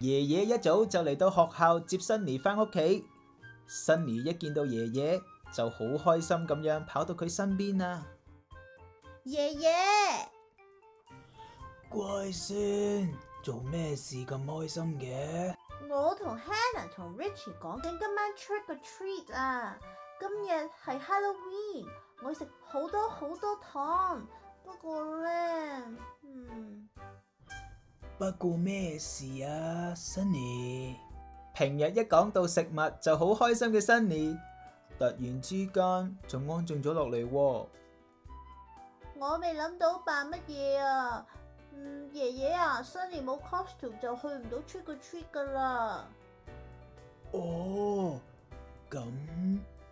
爺爺一早就嚟到學校接 Sunny 翻屋企，Sunny 一見到爺爺就好開心咁樣跑到佢身邊啦、啊。爺爺，乖孫，做咩事咁開心嘅？我同 Hannah 同 Richie 講緊今晚 Trick or Treat 啊，今日係 Halloween，我食好多好多糖，不過咧，嗯。不過咩事啊，Sunny？平日一講到食物就好開心嘅 Sunny，突然之間就安靜咗落嚟。我未諗到扮乜嘢啊，嗯，爺爺啊，Sunny 冇 costume 就去唔到 trick or treat 噶啦。哦，咁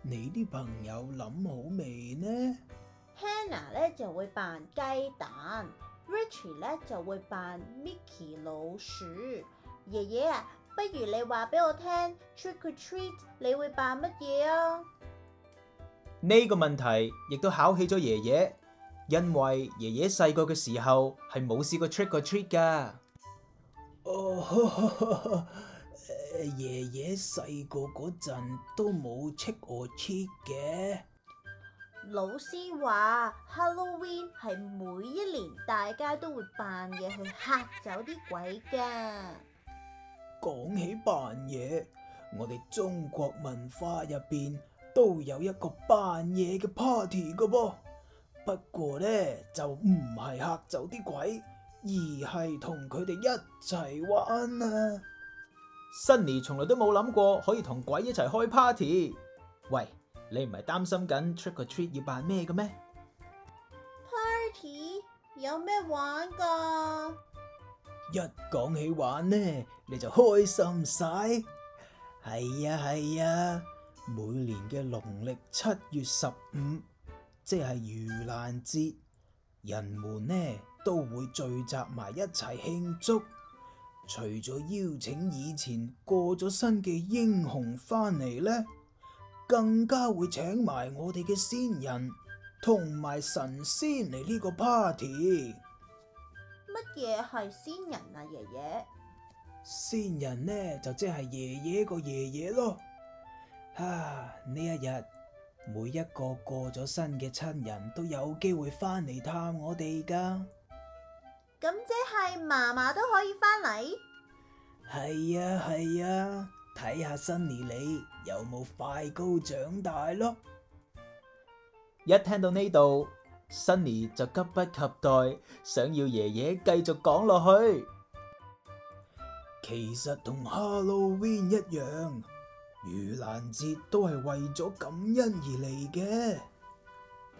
你啲朋友諗好未呢？Hannah 呢就會扮雞蛋。Richie 咧就會扮 Mickey 老鼠，爺爺啊，不如你話俾我聽，trick or treat 你會扮乜嘢啊？呢個問題亦都考起咗爺爺，因為爺爺細個嘅時候係冇試過 trick or treat 㗎。哦， 爺爺細個嗰陣都冇 trick or treat 嘅。老師話，Halloween 係每一年大家都會扮嘢去吓走啲鬼㗎。講起扮嘢，我哋中國文化入邊都有一個扮嘢嘅 party 㗎噃。不過呢，就唔係吓走啲鬼，而係同佢哋一齊玩啦、啊。Sunny 從來都冇諗過可以同鬼一齊開 party。喂。你唔係擔心緊 Trick or Treat 要扮咩嘅咩？Party 有咩玩㗎？一講起玩呢，你就開心晒。係啊係啊，每年嘅農曆七月十五，即係盂蘭節，人們呢都會聚集埋一齊慶祝。除咗邀請以前過咗身嘅英雄翻嚟呢，更加會請埋我哋嘅先人同埋神仙嚟呢個 party。乜嘢係先人啊，爺爺？先人呢就即係爺爺個爺爺咯。啊，呢一日每一個過咗身嘅親人都有機會翻嚟探我哋噶。咁即係媽媽都可以翻嚟？係呀係呀。睇下 Sunny 你有冇快高長大咯！一聽到呢度，Sunny 就急不及待，想要爺爺繼續講落去。其實同 Halloween 一樣，盂蘭節都係為咗感恩而嚟嘅。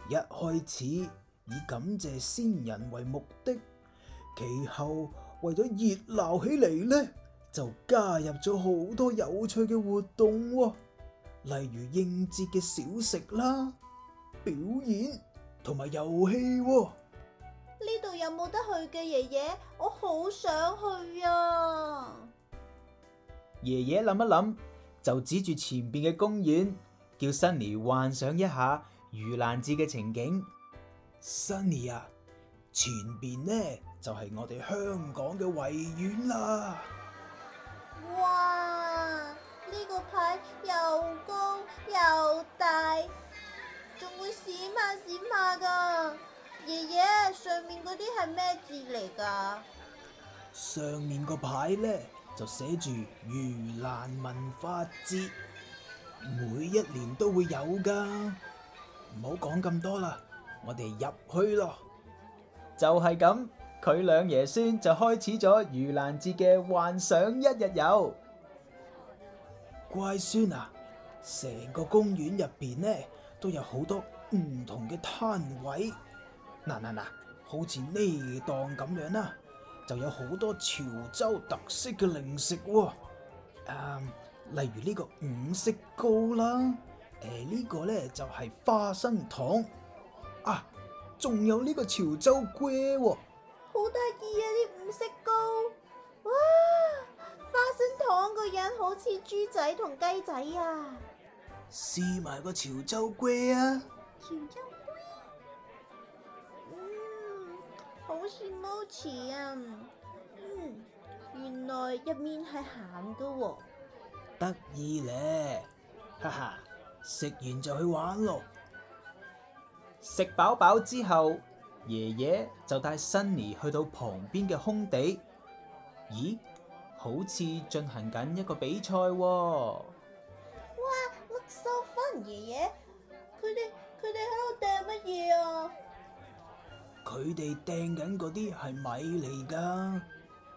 一開始以感謝先人為目的，其後為咗熱鬧起嚟呢，就加入咗好多有趣嘅活動，哦，例如應節嘅小食啦、表演同埋遊戲。呢度，哦、有冇得去嘅，爺爺？我好想去啊！爺爺諗一諗，就指住前邊嘅公園，叫 Sunny 幻想一下盂蘭節嘅情景。Sunny 啊，前邊呢就係、是，我哋香港嘅維園啦。哇！呢、這個牌又高又大，仲會閃下閃下噶。爺爺，上面嗰啲係咩字嚟噶？上面個牌咧就寫住盂蘭文化節，每一年都會有噶。唔好講咁多啦，我哋入去咯，就係咁。佢兩爺孫就開始咗盂蘭節嘅幻想一日遊。乖孫啊，成個公園入邊咧都有好多唔同嘅攤位。嗱嗱嗱，好似呢檔咁樣啦，啊，就有好多潮州特色嘅零食，啊。誒、啊，例如呢個五色糕啦，誒、呃這個、呢個咧就係、是、花生糖啊，仲有呢個潮州粿，啊。好得意啊！啲五色糕，哇！花生糖個樣好似豬仔同雞仔啊！試埋個潮州龜啊！潮州龜，嗯，好羨慕啊。嗯，原來入面係咸噶喎。得意咧，哈哈！食完就去玩咯。食飽飽之後。爺爺就帶 Sunny 去到旁邊嘅空地，咦，好似進行緊一個比賽喎。哦！哇，乜收分？爺爺，佢哋佢哋喺度掟乜嘢啊？佢哋掟緊嗰啲係米嚟㗎，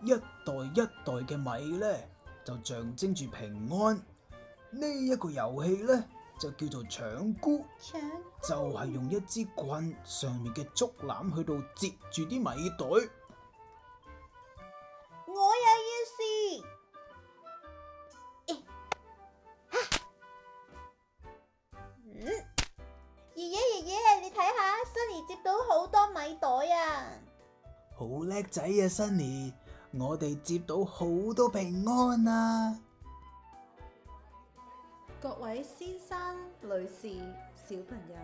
一袋一袋嘅米咧就象徵住平安。這個、遊戲呢一個遊戲咧。就叫做搶菇，搶菇就係用一支棍上面嘅竹籃去到接住啲米袋。我又要試。嗯，爺爺爺爺，你睇下，Sunny 接到好多米袋啊！好叻仔啊，Sunny！我哋接到好多平安啊！各位先生、女士、小朋友，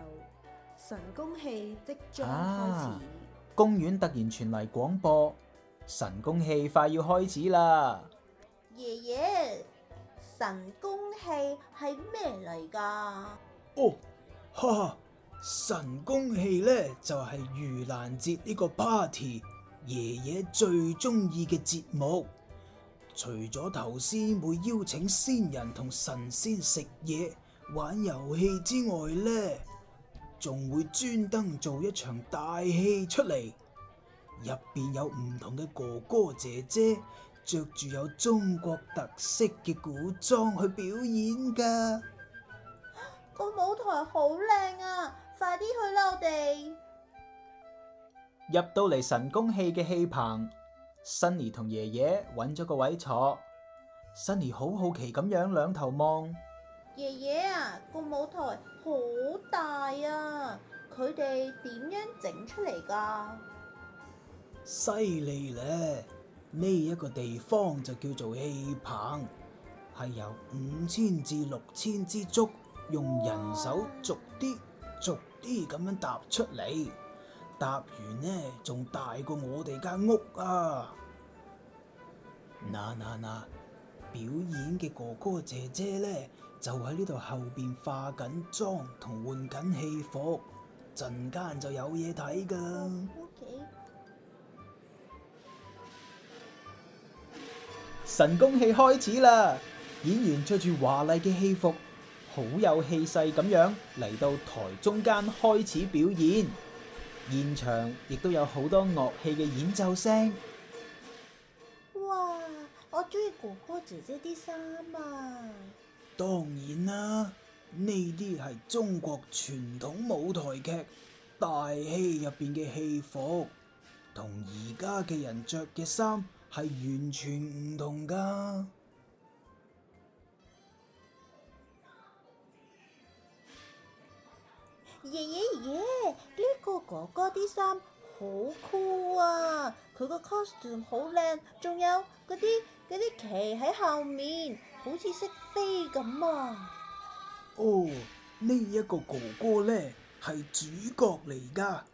神功戲即將開始。啊，公園突然傳嚟廣播，神功戲快要開始啦！爺爺，神功戲係咩嚟㗎？哦，哈哈，神功戲咧就係盂蘭節呢個 party，爺爺最中意嘅節目。除咗頭先會邀請仙人同神仙食嘢玩遊戲之外呢，呢仲會專登做一場大戲出嚟，入邊有唔同嘅哥哥姐姐着住有中國特色嘅古裝去表演㗎。啊，那個舞台好靚啊！快啲去啦，我哋入到嚟神功戲嘅戲棚。新兒同爺爺揾咗個位坐，新兒好好奇咁樣兩頭望。爺爺啊，個舞台好大啊，佢哋點樣整出嚟噶？犀利咧！呢一個地方就叫做戲棚，係由五千至六千支竹，用人手逐啲逐啲咁樣搭出嚟。搭完呢，仲大過我哋間屋啊！嗱嗱嗱，表演嘅哥哥姐姐呢，就喺呢度後邊化緊妝同換緊戲服，陣間就有嘢睇㗎。Okay. 神功戲開始啦！演員着住華麗嘅戲服，好有氣勢咁樣嚟到台中間開始表演。現場亦都有好多樂器嘅演奏聲。哇！我中意哥哥姐姐啲衫啊！當然啦，呢啲係中國傳統舞台劇大戲入邊嘅戲服，同而家嘅人着嘅衫係完全唔同㗎。爺爺爺，呢個哥哥啲衫好酷啊！佢個 costume 好靚，仲有嗰啲嗰啲旗喺後面，好似識飛咁啊！哦，呢一個哥哥呢，係主角嚟噶，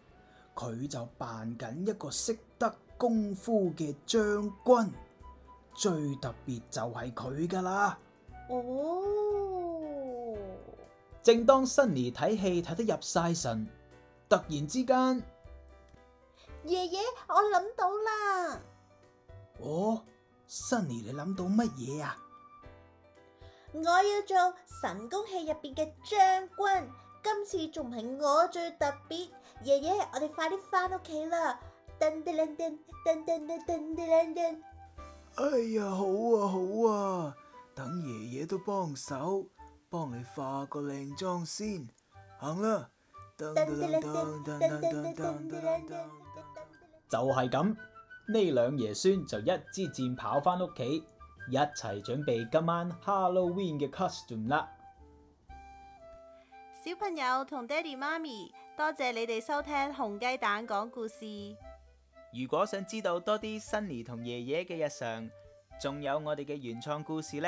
佢就扮緊一個識得功夫嘅將軍，最特別就係佢噶啦。哦。Oh. 正當 Sunny 睇戲睇得入晒神，突然之間，爺爺，我諗到啦！哦，Sunny，你諗到乜嘢啊？我要做神功戲入邊嘅將軍，今次仲係我最特別。爺爺，我哋快啲翻屋企啦！噔噔噔噔噔噔噔噔噔噔！哎呀，好啊，好啊，等爺爺都幫手。幫你化個靚妝先，行啦。就係咁，呢兩爺孫就一支箭跑翻屋企，一齊準備今晚 Halloween 嘅 costume 啦。小朋友同爹哋媽咪，多謝你哋收聽紅雞蛋講故事。如果想知道多啲 Sunny 同爺爺嘅日常，仲有我哋嘅原創故事呢，